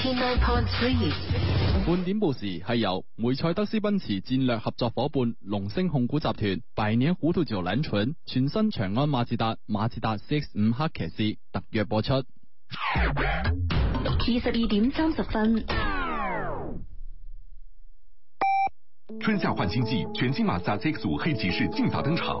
半點報時係由梅賽德斯奔馳戰略合作伙伴龍星控股集團、百年糊塗酒冷串全新長安馬自達馬自達 CX 五黑騎士特約播出。二十二點三十分，春夏換新季，全新馬自達 CX 五黑騎士盡早登場。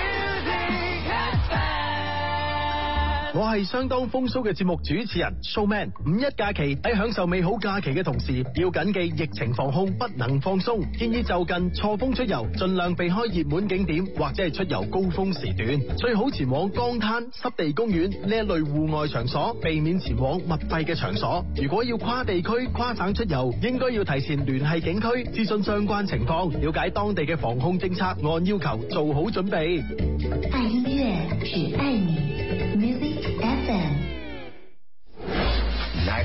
我係相當風騷嘅節目主持人 Showman。五一假期喺享受美好假期嘅同時，要謹記疫情防控不能放鬆。建議就近錯峰出遊，盡量避開熱門景點或者係出遊高峰時段。最好前往江灘、濕地公園呢一類戶外場所，避免前往密閉嘅場所。如果要跨地區、跨省出遊，應該要提前聯繫景區，諮詢相關情況，了解當地嘅防控政策，按要求做好準備。愛音樂，只愛你。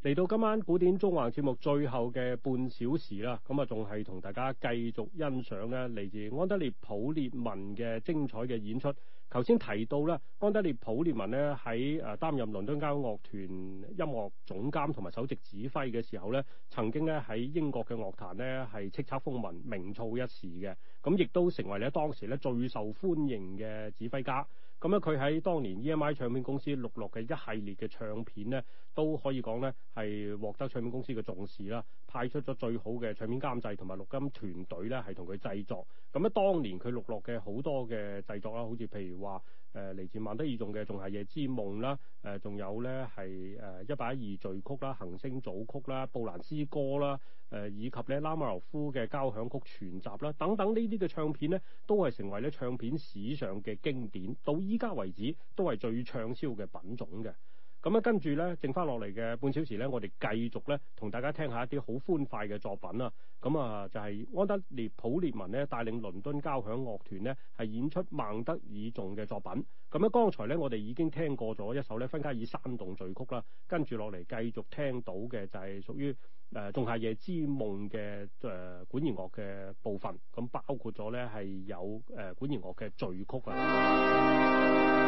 嚟到今晚古典縱橫節目最後嘅半小時啦，咁啊仲係同大家繼續欣賞呢嚟自安德烈普列文嘅精彩嘅演出。頭先提到呢，安德烈普列文呢喺誒擔任倫敦交響樂團音樂總監同埋首席指揮嘅時候呢，曾經呢喺英國嘅樂壇呢係叱咤風雲、名噪一時嘅，咁亦都成為咧當時呢最受歡迎嘅指揮家。咁樣佢喺當年 EMI 唱片公司錄落嘅一系列嘅唱片咧，都可以講咧係獲得唱片公司嘅重視啦，派出咗最好嘅唱片監製同埋錄音團隊咧，係同佢製作。咁樣當年佢錄落嘅好多嘅製作啦，好似譬如話。誒、呃、嚟自萬德爾仲嘅，仲係夜之夢啦，誒仲、呃、有咧係誒一百二序曲啦、行星組曲啦、布蘭詩歌啦，誒、呃、以及咧拉馬留夫嘅交響曲全集啦，等等呢啲嘅唱片咧，都係成為咧唱片史上嘅經典，到依家為止都係最暢銷嘅品種嘅。咁咧跟住咧，剩翻落嚟嘅半小時咧，我哋繼續咧同大家聽下一啲好歡快嘅作品啦。咁啊，就係安德烈普列文咧帶領倫敦交響樂團咧，係演出孟德爾頌嘅作品。咁咧，剛才咧我哋已經聽過咗一首咧芬加爾山洞序曲啦。跟住落嚟繼續聽到嘅就係屬於誒仲夏夜之夢嘅誒管弦樂嘅部分。咁包括咗咧係有誒管弦樂嘅序曲啊。